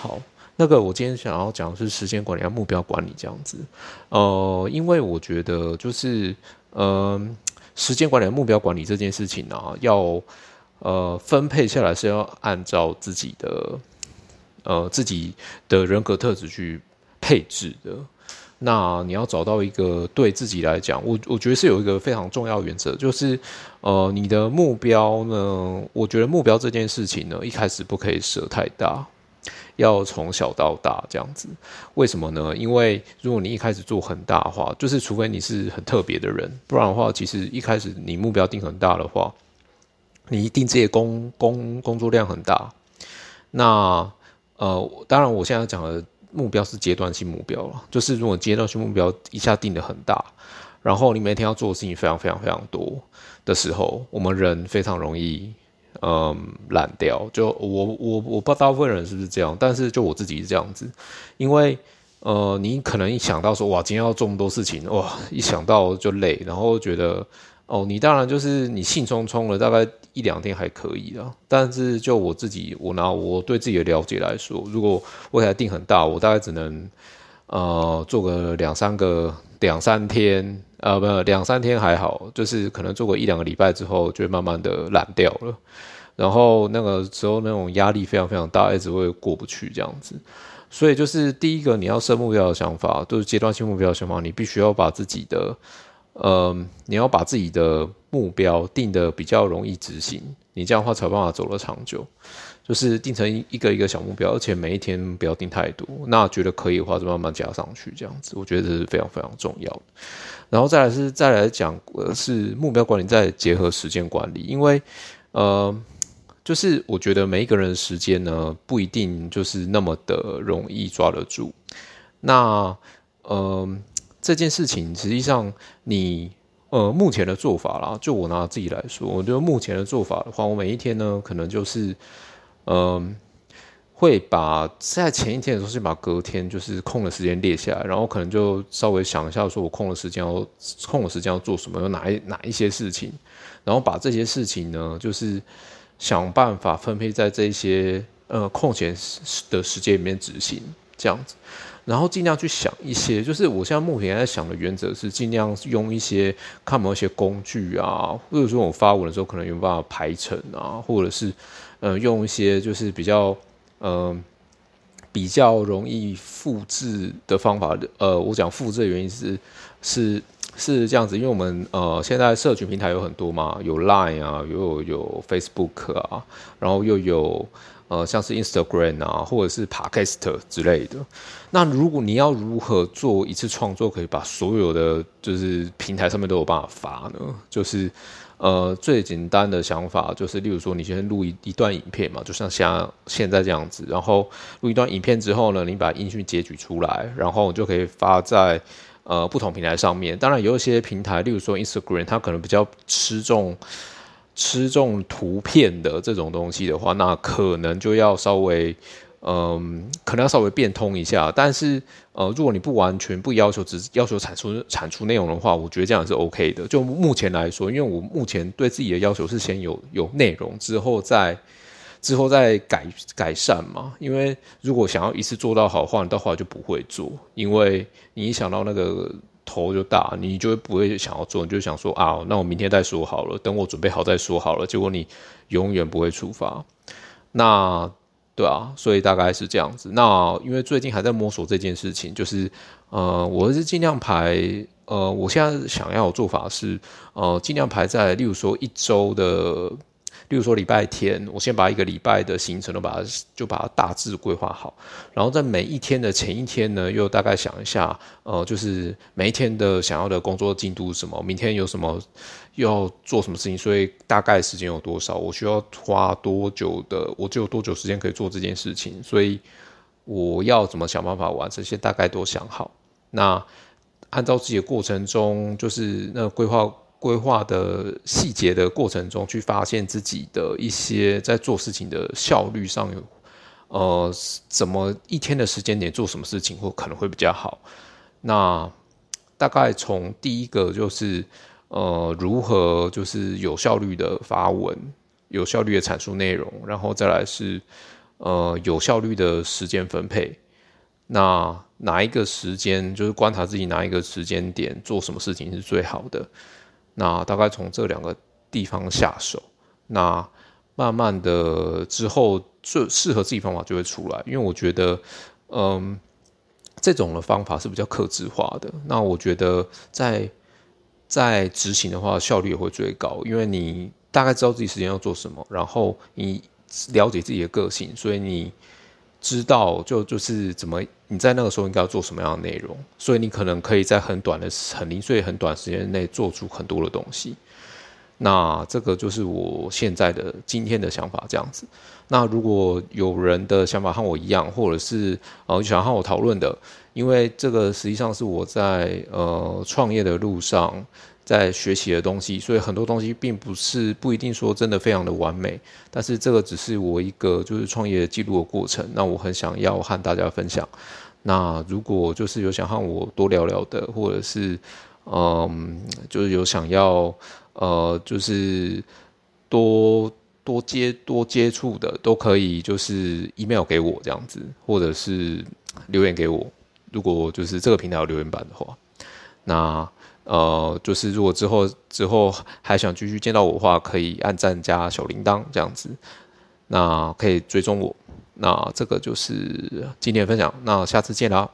好，那個我今天想要講的是時間管理和目標管理這樣子。呃，因為我覺得就是呃，時間管理和目標管理這件事情啊，要呃分配下來是要按照自己的呃自己的人格特質去配置的。那你要找到一個對自己來講，我我覺得是有一個非常重要原則，就是呃，你的目標呢，我覺得目標這件事情呢，一開始不可以設太大。要從小到大這樣子，為什麼呢？因為如果你一開始做很大的話，就是除非你是很特別的人，不然的話，其實一開始你目標定很大的話，你一定這些工工工作量很大。那呃，當然我現在講的目標是階段性目標了，就是如果階段性目標一下定得很大，然後你每天要做的事情非常非常非常多的時候，我們人非常容易。嗯，懶掉，就我我我不知道大部分人是不是這樣，但是就我自己是這樣子，因為呃，你可能一想到說哇，今天要做這麼多事情，哇，一想到就累，然後覺得哦，你當然就是你興沖沖了，大概一兩天還可以了，但是就我自己，我拿我對自己的了解來說，如果未來定很大，我大概只能呃做個兩三個。兩三天，呃，不，兩三天還好，就是可能做過一兩個禮拜之後，就慢慢的懶掉了，然後那個時候那種壓力非常非常大，一直會過不去這樣子，所以就是第一個你要設目標的想法，就是階段性目標的想法，你必須要把自己的。呃，你要把自己的目標定得比較容易執行，你這樣的話才有辦法走得長久。就是定成一個一個小目標，而且每一天不要定太多。那覺得可以的話，就慢慢加上去這樣子。我覺得這是非常非常重要的。然後再來是再來講，是目標管理再結合時間管理，因為呃，就是我覺得每一個人的時間呢，不一定就是那麼的容易抓得住。那嗯。呃這件事情實際上你，你呃，目前的做法啦，就我拿自己來說，我覺得目前的做法的話，我每一天呢，可能就是嗯、呃，會把在前一天的時候，先把隔天就是空的時間列下來，然後可能就稍微想一下，說我空的時間要空的時間要做什麼，有哪一哪一些事情，然後把這些事情呢，就是想辦法分配在這些呃空閒的時間裡面執行。這樣子，然後盡量去想一些，就是我現在目前在想的原則是盡量用一些看某些工具啊，或者說我發文的時候可能有辦法排程啊，或者是，嗯、呃，用一些就是比較嗯、呃、比較容易複製的方法的。呃，我講複製的原因是是是這樣子，因為我們呃現在社群平台有很多嘛，有 Line 啊，又有，有 Facebook 啊，然後又有。呃，像是 Instagram 啊，或者是 Podcast 之類的。那如果你要如何做一次創作，可以把所有的就是平台上面都有辦法發呢？就是，呃，最簡單的想法就是，例如說，你先錄一一段影片嘛，就像現在，現在這樣子。然後錄一段影片之後呢，你把音訊截取出來，然後就可以發在呃不同平台上面。當然，有一些平台，例如說 Instagram，它可能比較吃重吃中圖片的這種東西的話，那可能就要稍微，嗯，可能要稍微變通一下。但是，呃，如果你不完全不要求，只要求產出產出內容的話，我覺得這樣是 OK 的。就目前來說，因為我目前對自己的要求是先有有內容，之後再之後再改改善嘛。因為如果想要一次做到好的話，你到後來就不會做，因為你一想到那個。頭就大，你就會不會想要做，你就想說啊，那我明天再說好了，等我準備好再說好了。結果你永遠不會出發。那對啊，所以大概是這樣子。那因為最近還在摸索這件事情，就是呃，我是儘量排呃，我現在想要的做法是呃，儘量排在例如說一周的。例如說禮拜天，我先把一個禮拜的行程都把它就把它大致規劃好，然後在每一天的前一天呢，又大概想一下，呃，就是每一天的想要的工作進度是什麼，明天有什麼要做什麼事情，所以大概時間有多少，我需要花多久的，我就有多久時間可以做這件事情，所以我要怎麼想辦法完成，先大概都想好。那按照自己的過程中，就是那規劃。規劃的細節的過程中，去發現自己的一些在做事情的效率上有，呃，怎麼一天的時間點做什麼事情或可能會比較好。那大概從第一個就是，呃，如何就是有效率的發文，有效率的闡述內容，然後再來是，呃，有效率的時間分配。那哪一個時間就是觀察自己哪一個時間點做什麼事情是最好的。那大概從這兩個地方下手，那慢慢的之後最適合自己方法就會出來。因為我覺得，嗯，這種的方法是比較客製化的。那我覺得在在執行的話，效率也會最高，因為你大概知道自己時間要做什麼，然後你了解自己的個性，所以你。知道就就是怎麼你在那個時候應該要做什麼樣的內容，所以你可能可以在很短的、很零碎、很短時間內做出很多的東西。那這個就是我現在的、今天的想法這樣子。那如果有人的想法和我一樣，或者是呃想和我討論的，因為這個實際上是我在呃創業的路上。在學習的東西，所以很多東西並不是不一定說真的非常的完美，但是這個只是我一個就是創業記錄的過程。那我很想要和大家分享。那如果就是有想和我多聊聊的，或者是嗯、呃，就是有想要呃，就是多多接多接觸的，都可以就是 email 給我這樣子，或者是留言給我。如果就是這個平台有留言板的話，那。呃，就是如果之後之後還想繼續見到我的話，可以按讚加小鈴鐺這樣子，那可以追蹤我。那這個就是今天的分享，那下次見啦。